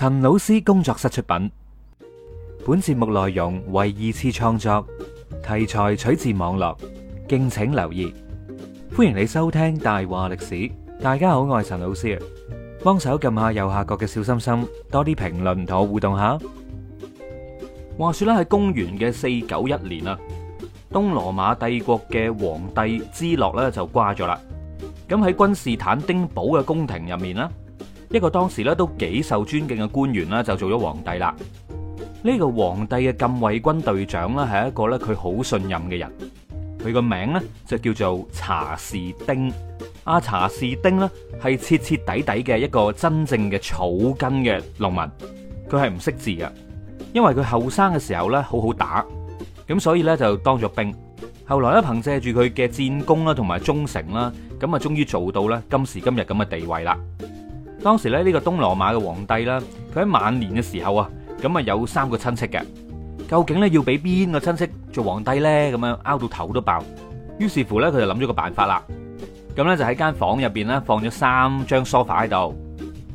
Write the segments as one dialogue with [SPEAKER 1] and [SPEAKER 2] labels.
[SPEAKER 1] 陳老師工作室出品，本節目內容為二次創作，題材取自網絡，敬請留意。歡迎你收聽大話歷史。大家好，我係陳老師，幫手撳下右下角嘅小心心，多啲評論同我互動下。話說啦，喺公元嘅四九一年啊，東羅馬帝國嘅皇帝芝諾咧就瓜咗啦。咁喺君士坦丁堡嘅宮廷入面啦。一個當時咧都幾受尊敬嘅官員啦，就做咗皇帝啦。呢個皇帝嘅禁衛軍隊長啦，係一個咧佢好信任嘅人。佢個名咧就叫做查士丁。阿查士丁咧係徹徹底底嘅一個真正嘅草根嘅農民，佢係唔識字嘅。因為佢後生嘅時候咧好好打咁，所以咧就當咗兵。後來咧，憑借住佢嘅戰功啦，同埋忠誠啦，咁啊，終於做到咧今時今日咁嘅地位啦。當時咧呢個東羅馬嘅皇帝咧，佢喺晚年嘅時候啊，咁啊有三個親戚嘅，究竟咧要俾邊個親戚做皇帝咧？咁樣拗到頭都爆，於是乎咧佢就諗咗個辦法啦。咁咧就喺間房入邊咧放咗三張梳化喺度，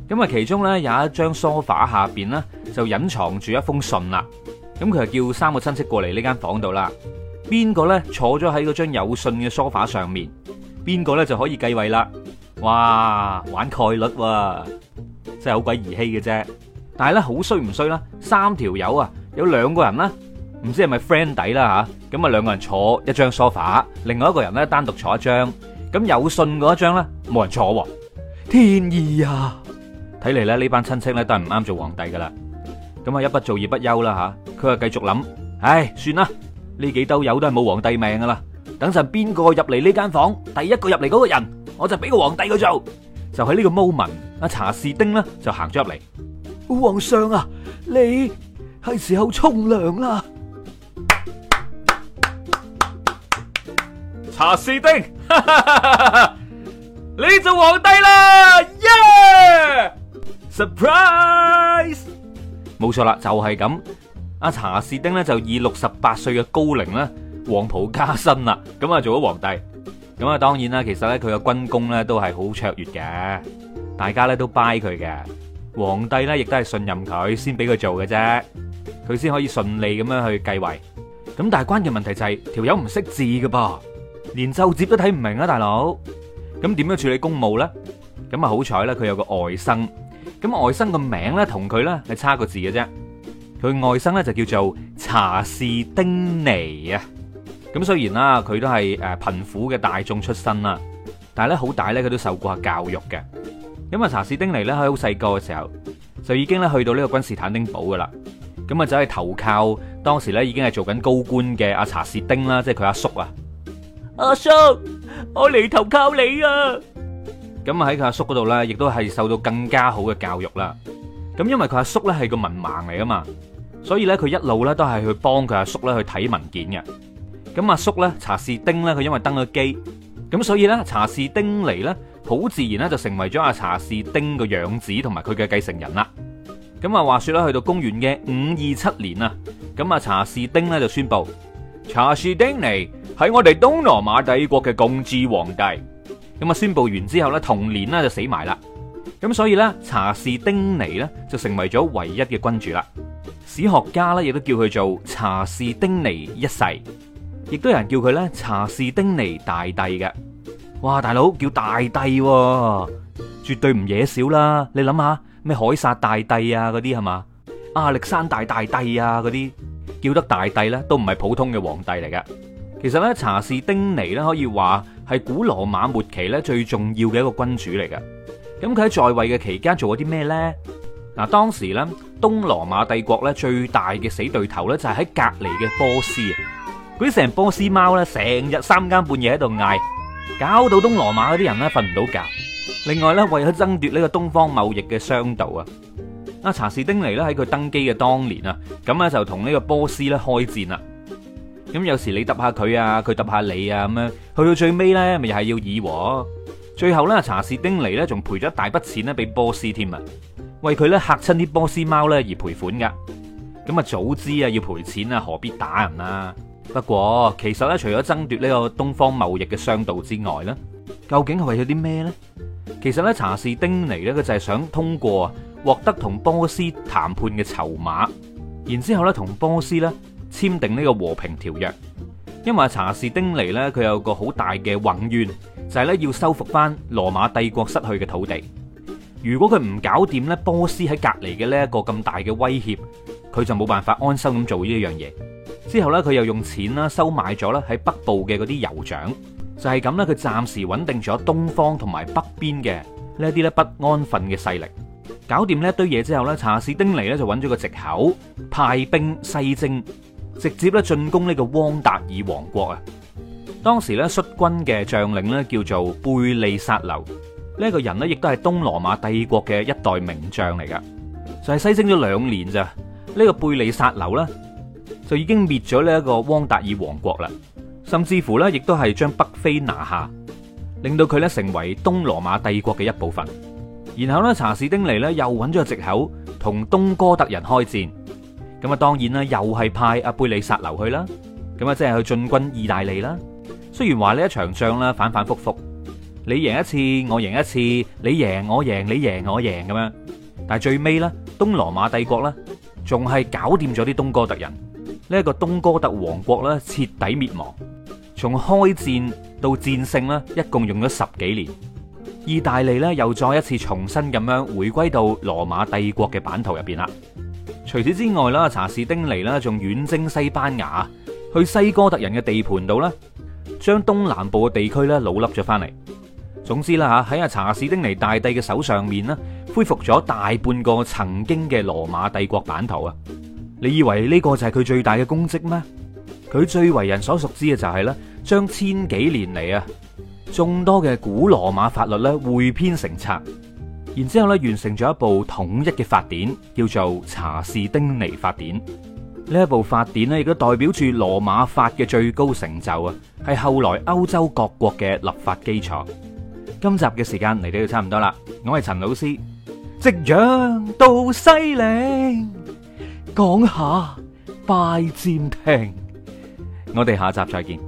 [SPEAKER 1] 咁啊其中咧有一張梳化下邊咧就隱藏住一封信啦。咁佢就叫三個親戚過嚟呢間房度啦，邊個咧坐咗喺嗰張有信嘅梳化上面，邊個咧就可以繼位啦。哇！玩概率喎，真係好鬼兒戲嘅啫。但係咧，好衰唔衰啦？三條友啊，有兩個人啦，唔知係咪 friend 底啦吓。咁啊，兩個人坐一張 sofa，另外一個人咧單獨坐一張。咁有信嗰一張咧，冇人坐。天意啊！睇嚟咧呢班親戚咧都係唔啱做皇帝噶啦。咁啊，一不做二不休啦吓。佢話繼續諗，唉，算啦，呢幾兜友都係冇皇帝命噶啦。等陣邊個入嚟呢間房，第一個入嚟嗰個人，我就俾個皇帝佢做就 moment，就喺呢個 moment 阿查士丁咧就行咗入嚟。皇上啊，你係時候沖涼啦！查士丁，哈哈哈哈，你做皇帝啦！耶、yeah！surprise，冇錯啦，就係、是、咁。阿查士丁咧就以六十八歲嘅高齡咧，黃袍加身啦，咁啊做咗皇帝。咁啊，當然啦，其實咧佢個軍功咧都係好卓越嘅，大家咧都 buy 佢嘅，皇帝咧亦都係信任佢先俾佢做嘅啫，佢先可以順利咁樣去繼位。咁但係關鍵問題就係條友唔識字㗎噃，連奏摺都睇唔明啊，大佬。咁點樣處理公務咧？咁啊好彩咧，佢有個外甥，咁外甥個名咧同佢咧係差個字嘅啫，佢外甥咧就叫做查士丁尼啊。咁雖然啦，佢都係誒貧苦嘅大眾出身啦，但係咧好大咧，佢都受過教育嘅。因為查士丁尼咧喺好細個嘅時候就已經咧去到呢個君士坦丁堡噶啦，咁啊就係投靠當時咧已經係做緊高官嘅阿查士丁啦，即係佢阿叔啊。阿叔，我嚟投靠你啊！咁啊喺佢阿叔嗰度咧，亦都係受到更加好嘅教育啦。咁因為佢阿叔咧係個文盲嚟噶嘛，所以咧佢一路咧都係去幫佢阿叔咧去睇文件嘅。咁阿叔咧，查士丁咧，佢因為登咗基，咁所以咧，查士丁尼咧，好自然咧就成為咗阿查士丁個養子，同埋佢嘅繼承人啦。咁啊，話說咧，去到公元嘅五二七年啊，咁啊，查士丁咧就宣布查士丁尼係我哋東羅馬帝國嘅共治皇帝。咁啊，宣布完之後咧，同年咧就死埋啦。咁所以咧，查士丁尼咧就成為咗唯一嘅君主啦。史學家咧亦都叫佢做查士丁尼一世。亦都有人叫佢咧查士丁尼大帝嘅，哇！大佬叫大帝，絕對唔嘢少啦。你諗下咩海撒大帝啊，嗰啲係嘛？亞歷山大大帝啊，嗰啲叫得大帝咧，都唔係普通嘅皇帝嚟嘅。其實咧，查士丁尼咧可以話係古羅馬末期咧最重要嘅一個君主嚟嘅。咁佢喺在位嘅期間做咗啲咩咧？嗱，當時咧東羅馬帝國咧最大嘅死對頭咧就係喺隔籬嘅波斯啊。佢成波斯貓咧，成日三更半夜喺度嗌，搞到東羅馬嗰啲人咧瞓唔到覺。另外咧，為咗爭奪呢個東方貿易嘅商道啊，啊查士丁尼咧喺佢登基嘅當年啊，咁就同呢個波斯咧開戰啦。咁有時你揼下佢啊，佢揼下你啊，咁樣去到最尾咧，咪又係要議和。最後咧，查士丁尼咧仲賠咗一大筆錢咧俾波斯添啊，為佢咧嚇親啲波斯貓咧而賠款噶。咁啊，早知啊要賠錢啊，何必打人啊？不過其實咧，除咗爭奪呢個東方貿易嘅商道之外咧，究竟係為咗啲咩呢？其實咧，查士丁尼呢，佢就係想通過獲得同波斯談判嘅籌碼，然之後咧，同波斯咧簽訂呢個和平條約。因為查士丁尼呢，佢有個好大嘅宏願，就係咧要收復翻羅馬帝國失去嘅土地。如果佢唔搞掂咧波斯喺隔籬嘅呢一個咁大嘅威脅，佢就冇辦法安心咁做呢樣嘢。之後咧，佢又用錢啦收買咗咧喺北部嘅嗰啲酋長，就係咁咧，佢暫時穩定咗東方同埋北邊嘅呢一啲咧不安分嘅勢力。搞掂呢一堆嘢之後咧，查士丁尼咧就揾咗個借口派兵西征，直接咧進攻呢個汪達爾王國啊。當時咧率軍嘅將領咧叫做貝利撒留，呢一個人咧亦都係東羅馬帝國嘅一代名將嚟噶。就係西征咗兩年咋，呢個貝利撒留咧。就已經滅咗呢一個汪達爾王國啦，甚至乎呢亦都係將北非拿下，令到佢呢成為東羅馬帝國嘅一部分。然後呢，查士丁尼呢又揾咗個藉口同東哥特人開戰，咁啊，當然啦，又係派阿貝利撒留去啦，咁啊，即係去進軍意大利啦。雖然話呢一場仗啦反反复覆，你贏一次我贏一次，你贏我贏你贏我贏咁樣，但係最尾呢，東羅馬帝國呢仲係搞掂咗啲東哥特人。呢個東哥特王國咧徹底滅亡，從開戰到戰勝呢，一共用咗十幾年。意大利咧又再一次重新咁樣回歸到羅馬帝國嘅版圖入邊啦。除此之外啦，查士丁尼呢，仲遠征西班牙，去西哥特人嘅地盤度呢，將東南部嘅地區咧老笠咗翻嚟。總之啦吓，喺阿查士丁尼大帝嘅手上面呢，恢復咗大半個曾經嘅羅馬帝國版圖啊。你以為呢個就係佢最大嘅功績咩？佢最為人所熟知嘅就係咧，將千幾年嚟啊眾多嘅古羅馬法律咧彙編成冊，然之後咧完成咗一部統一嘅法典，叫做《查士丁尼法典》。呢一部法典咧亦都代表住羅馬法嘅最高成就啊，係後來歐洲各國嘅立法基礎。今集嘅時間嚟到就差唔多啦，我係陳老師，夕陽到西嶺講下拜占庭，我哋下一集再見。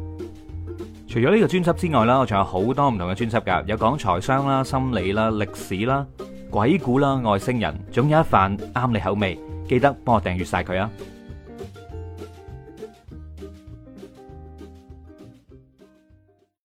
[SPEAKER 1] 除咗呢個專輯之外呢，我仲有好多唔同嘅專輯噶，有講財商啦、心理啦、歷史啦、鬼故啦、外星人，總有一份啱你口味。記得幫我訂閱晒佢啊！